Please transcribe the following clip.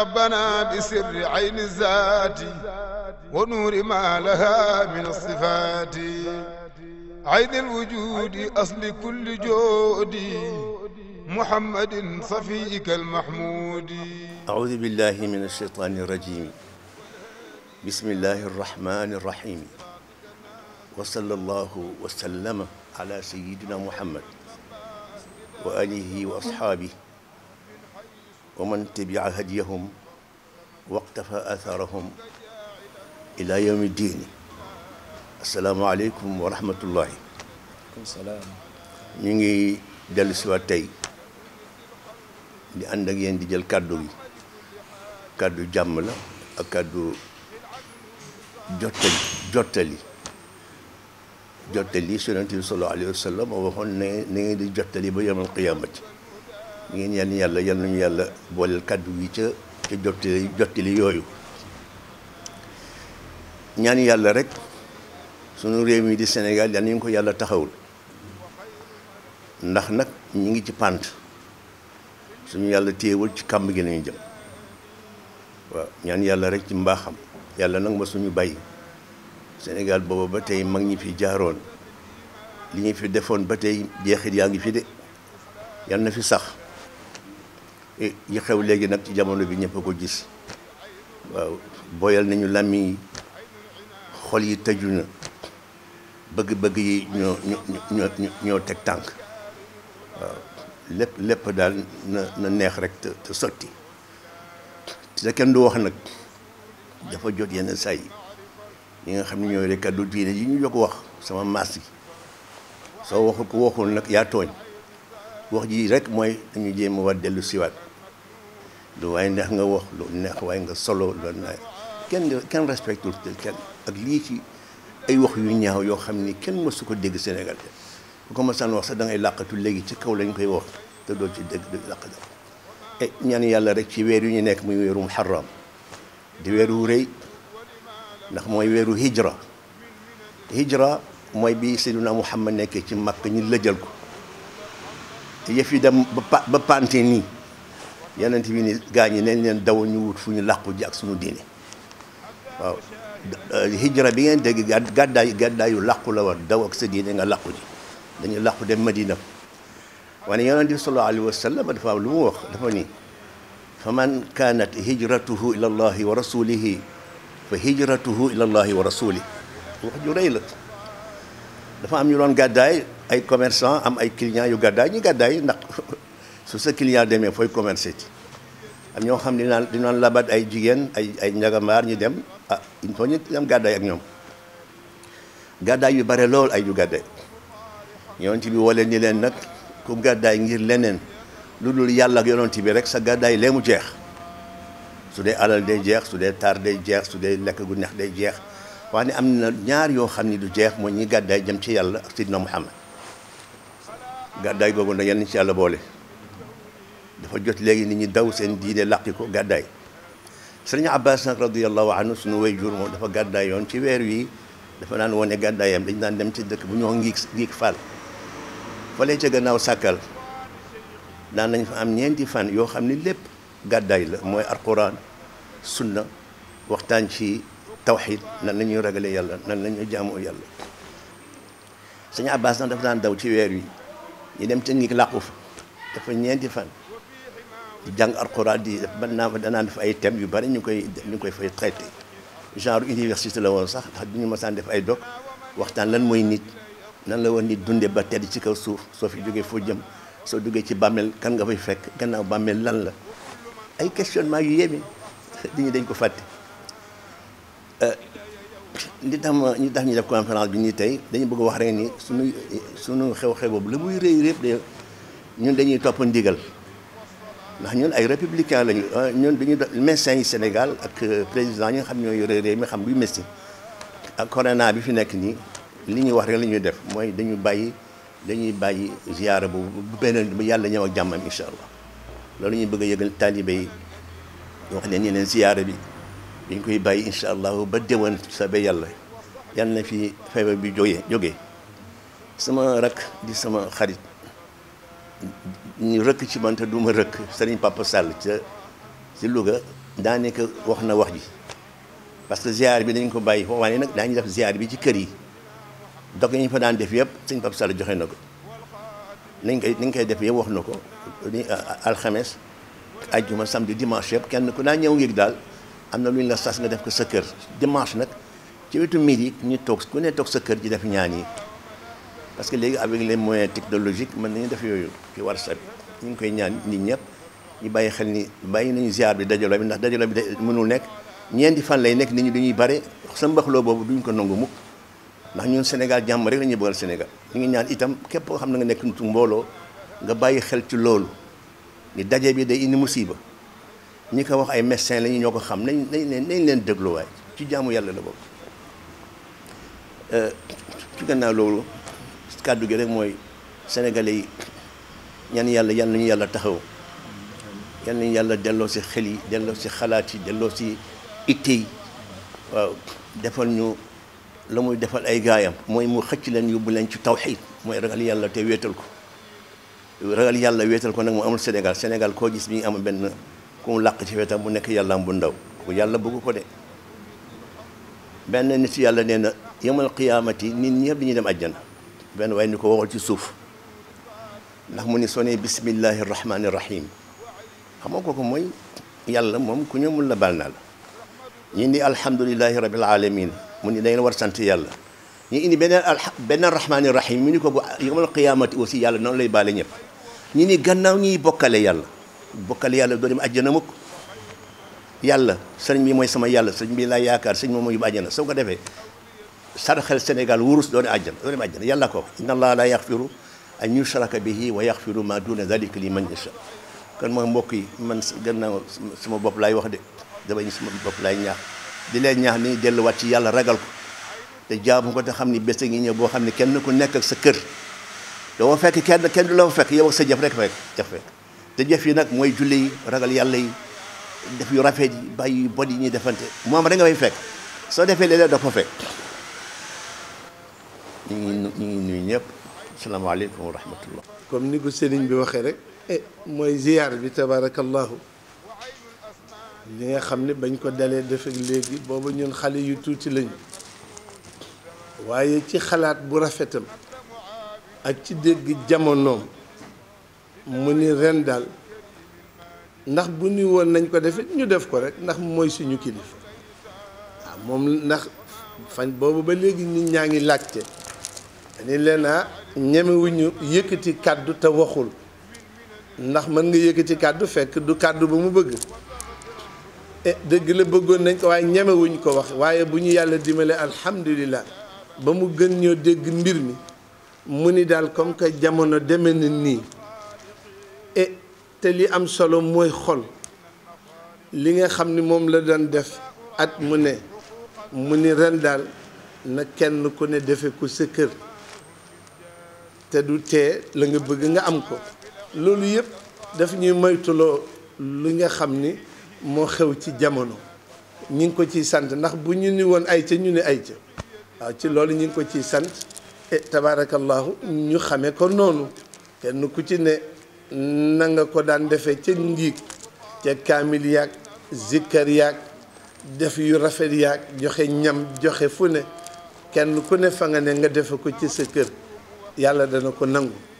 ربنا بسر عين الذات ونور ما لها من الصفات عين الوجود أصل كل جود محمد صفيك المحمود أعوذ بالله من الشيطان الرجيم بسم الله الرحمن الرحيم وصلى الله وسلم على سيدنا محمد وآله وأصحابه wa man tabia hadiyahum waqtafa atharahum ila yawmi diini asalaamaaleykum wa rahmatullahi ñu ngi dellu si waat tey di ànd ak yéen di jël kàddu yi kàddu jàmm la ak kàddu jottali jottali jottali su Yonent bi sallallahu alayhi wa sallam waxoon ne na ngeen di jottali ba yawmal qiyaamati ñu ngi ñaan yàlla yal nañu yàlla booleel kàddu yi ca ca jottali jottali yooyu ñaan yàlla rek sunu réew mi di Sénégal yal nañu ko yàlla taxawul ndax nag ñu ngi ci pànt suñu yàlla téewul ci kàmb gi lañu jëm waaw ñaan yàlla rek ci mbaaxam yàlla nag ma suñu bàyyi Sénégal booba ba tey mag ñi fi jaaroon li ñu fi defoon ba tey jeexit yaa ngi fi de yal na fi sax yi xew léegi nag ci jamono bi ñëpp a ko gis waaw booyal nañu làmmiñ yi xol yi tëju na bëgg-bëgg yi ñoo ñoo teg tànk waaw lépp lépp daal na neex rek te sotti te kenn du wax nag dafa jot yenn saa yi nga xam ne ñooy rek kaddu diine yi ñu jog wax sama maas yi soo waxul ko waxul nag yaa tooñ wax ji rek mooy dañu jéem a war dellu siwaat lo ay neex nga wax lu neex waaye nga solo lu neex kenn kenn respectul kenn ak lii ci ay wax yu ñaaw yoo xam ni kenn mësu ko dégg Sénégal bu ko mësaan wax sax da ngay làqatu léegi ci kaw lañ koy wax te doo ci dégg du làq dara e ñaan yàlla rek ci weer yu ñu nekk muy weeru muharram di weeru rëy ndax mooy weeru hijra hijra mooy bi Seydina Muhammad nekkee ci Makka ñu lëjal ko yëf yi dem ba ba pante nii yenent bi ni gaa ñi nañ leen daw ñu wut fu ñu làqu ji ak suñu diine waaw euh, hijra bi ngeen dégg gàddaay gàddaayu làqu la war daw ak sa diine nga làqu ji dañu làqu dem ma wane yonent bi sallallahu alayhi wa sallam dafa am lu mu wax dafa ni fa man kaanat hijratuhu ila allahi wa rasulihi fa hijratuhu ila allahi wa suli wax ju rëy dafa am ñu loon gàddaay ay commerçant am ay clients yu gàddaay ñu gàddaay ndax su sa client demee fooy commercer ci ñoo xam ne naan labat ay jigéen ay ay njagamaar ñu dem ah il faut ñu dem gàddaay ak ñoom gàddaay yu bare lool ay ju gàddaay yonent bi wale ni leen nag ku gàddaay ngir leneen lu dul yàlla ak yonent bi rek sa gàddaay lee mu jeex su dee alal day jeex su dee taar day jeex su dee lekk gu neex day jeex wax ne am na ñaar yoo xam ni du jeex moo ñi gàddaay jëm ci yàlla ak sidna Muhammad gàddaay googu na yenn ci yàlla boole dafa jot léegi ni ñi daw seen diine làqi ko gàddaay sëriñ Abbas nag radiallahu anhu suñu way jur moom dafa gàddaay yoon ci weer wi dafa daan wone gàddaayam dañ daan dem ci dëkk bu ñoo ngiig ngiig fall falee ca gannaaw sàkkal daan nañ fa am ñeenti fan yoo xam ni lépp gàddaay la mooy alquran sunna waxtaan ci tawxid na la ñuy ragalee yàlla nan la ñuy jaamoo yàlla sëñ Abbas dafa daan daw ci weer wi ñu dem ci ngiig làqu fa dafa ñeenti fan di jàng alxuraan di def naa danaan def ay thèmes yu bari ñu koy ñu koy fay traité genre université la woon sax ndax du ñu mësaan def ay doc waxtaan lan mooy nit nan la woon nit dundee ba tedd ci kaw suuf soo fi jógee foo jëm soo duggee ci bàmmeel kan nga fay fekk gannaaw bàmmeel lan la ay questionnement yu yéeme di ñi dañ ko fàtte euh, li tax ma ñu tax ñu def conférence bi nii tey dañu bëgg wax rek ni sunu sunu xew-xew boobu la muy réy répp de ñun dañuy topp ndigal ndax ñun ay républicain lañu ñun dañuy def médecins yi Sénégal ak président ñi nga xam ñoo yore réew mi xam luy médecine ak corona bi fi nekk nii li ñuy wax rek la ñuy def mooy dañu bàyyi dañuy bàyyi ziyaara bu beneen bu yàlla ñëw ak jàmmam incha allah loolu ñuy bëgg a yëgal taalibe yi wax ne ñu leen ziyaara bi dañ koy bàyyi incha allah ba déwén sa ba yàlla yàlla na fi feebar bi jógee jógee sama rak di sama xarit ñu rëkk ci man te du ma rëkk sëriñ Papa Sall ca ci Louga daanaka wax na wax ji parce que ziar bi dañ ko bàyyi foofu waaye nag daañu def ziar bi ci kër yi dog ñu fa daan def yëpp sëriñ Papa Sall joxe na ko nañ koy nañ koy def yëpp wax na ko ni alxames ajjuma samedi dimanche yëpp kenn ku naa ñëw yëg daal am na lu ñu la sas nga def ko sa kër dimanche nag ci wetu midi ñu toog ku ne toog sa kër ji def ñaan yi. parce que léegi avec les moyens technologiques mën nañu def yooyu ci WhatsApp ñu ngi koy ñaan nit ñëpp ñu bàyyi xel ni bàyyi nañu ziar bi dajaloo bi ndax dajaloo bi mënul nekk ñeenti fan lay nekk nit ñi dañuy bare sa mbaxloo boobu duñ ko nangu mukk ndax ñun Sénégal jàmm rek la ñuy bëggal Sénégal ñu ngi ñaan itam képp koo xam ne nga nekk nitu mbooloo nga bàyyi xel ci loolu ni daje bi day indi musiba ñi ko wax ay médecins la ñu ñoo ko xam nañ nañ leen nañ leen dégluwaay ci jaamu yàlla la boobu euh, ci gannaaw loolu kàddu gi rek mooy sénégalais ñan yàlla yan nañu yàlla taxaw yan nañu yàlla delloo si xel yi delloo si xalaat yi delloo si itte defal ñu la muy defal ay gaayam mooy mu xëcc leen yóbbu leen ci tawxiid mooy ragal yàlla te wéetal ko ragal yàlla wéetal ko nag mu amul senegal senegal koo gis mi ngi am benn ku mu làq ci wetam mu nekk yàllaam bu ndaw ku yàlla bëgg ko de benn nit yàlla nee na yemal qiyaamati nit ñëpp dañuy dem àjjana بان وين كو غلطي سوف نحن سوني بسم الله الرحمن الرحيم خموكو كو موي يالا موم كو نيومول لا بالنا لا الحمد لله رب العالمين من ني داين وار سانت يالا ني اني بنال بن الرحمن الرحيم ني كو يوم القيامه وسي يالا نون لاي بالي نيب ني ني غناو ني بوكالي يالا بوكالي يالا دو ديم اجنا موك يالا سيرن مي موي سما يالا سيرن بي لا ياكار سيرن مو يوب اجنا سوكو ديفي saraxel Sénégal wurus doone àjjana doone àjjana yàlla ko inna allah la yaxfiru an yushraka bihi wa yaxfiru ma duna dalika li man yasha kon mooy mbokk yi man gannaaw sama bopp laay wax de si sama bopp laay ñaax di leen ñaax ni delluwaat ci yàlla ragal ko te jaamu ko te xam ni bés gi ngi ñëw boo xam ne kenn ku nekk ak sa kër doo fekk kenn kenn du la fa fekk yow sa jëf rek fekk te jëf yi nag mooy julli ragal yàlla yi def yu rafet yi bàyyi yu bon yi ñuy defante moom rek nga fay fekk soo defee léeg-léeg doo السلام عليكم ورحمة الله كم نيكو سيرين بي واخي رك موي زيار بي تبارك الله ليغا خامني باغ نكو دالي ديف ليك ليغي بوبا نون خالي يو توتي لاني وايي تي خلات بو رافيتام اك تي ديغ جامونوم موني رين دال ناخ بو نيو وون نانكو ديف ني ديف كو رك ناخ موي سونو كيليف موم ناخ فان بوبا با ليغي نين نياغي لاكتي dañu leen a ah, ñemewuñu yëkkati kàddu te waxul ndax mën nga yëkkati kàddu fekk du kàddu ba mu bëgg eh, dëgg la bëggoon nañ ko waaye ñemewuñu ko wax waaye bu ñu yàlla dimale alhamdulilah ba mu gën ñoo dégg mbir mi mu ni daal comme que jamono deme na nii eh, te li am solo mooy xol li nga xam ni moom la doon def at mu ne mu ni ren daal na kenn ku ne defe ko sa kër te du tee la nga bëgg nga am ko loolu yëpp daf ñuy moytuloo li nga xam ni moo xew ci jamono ñi ngi ko ciy sant ndax bu ñu ni woon ay ca ñu ni ay ca waaw ci loolu ñi ngi ko ciy sant e tabaarakallahu ñu xamee ko noonu kenn ku ci ne na nga ko daan defee ca ngiig ca kaamil yaag zikkar yaag def yu rafet yaag joxe ñam joxe fu ne kenn ku ne fa nga ne nga defe ko ci sa kër yàlla dana ko nangu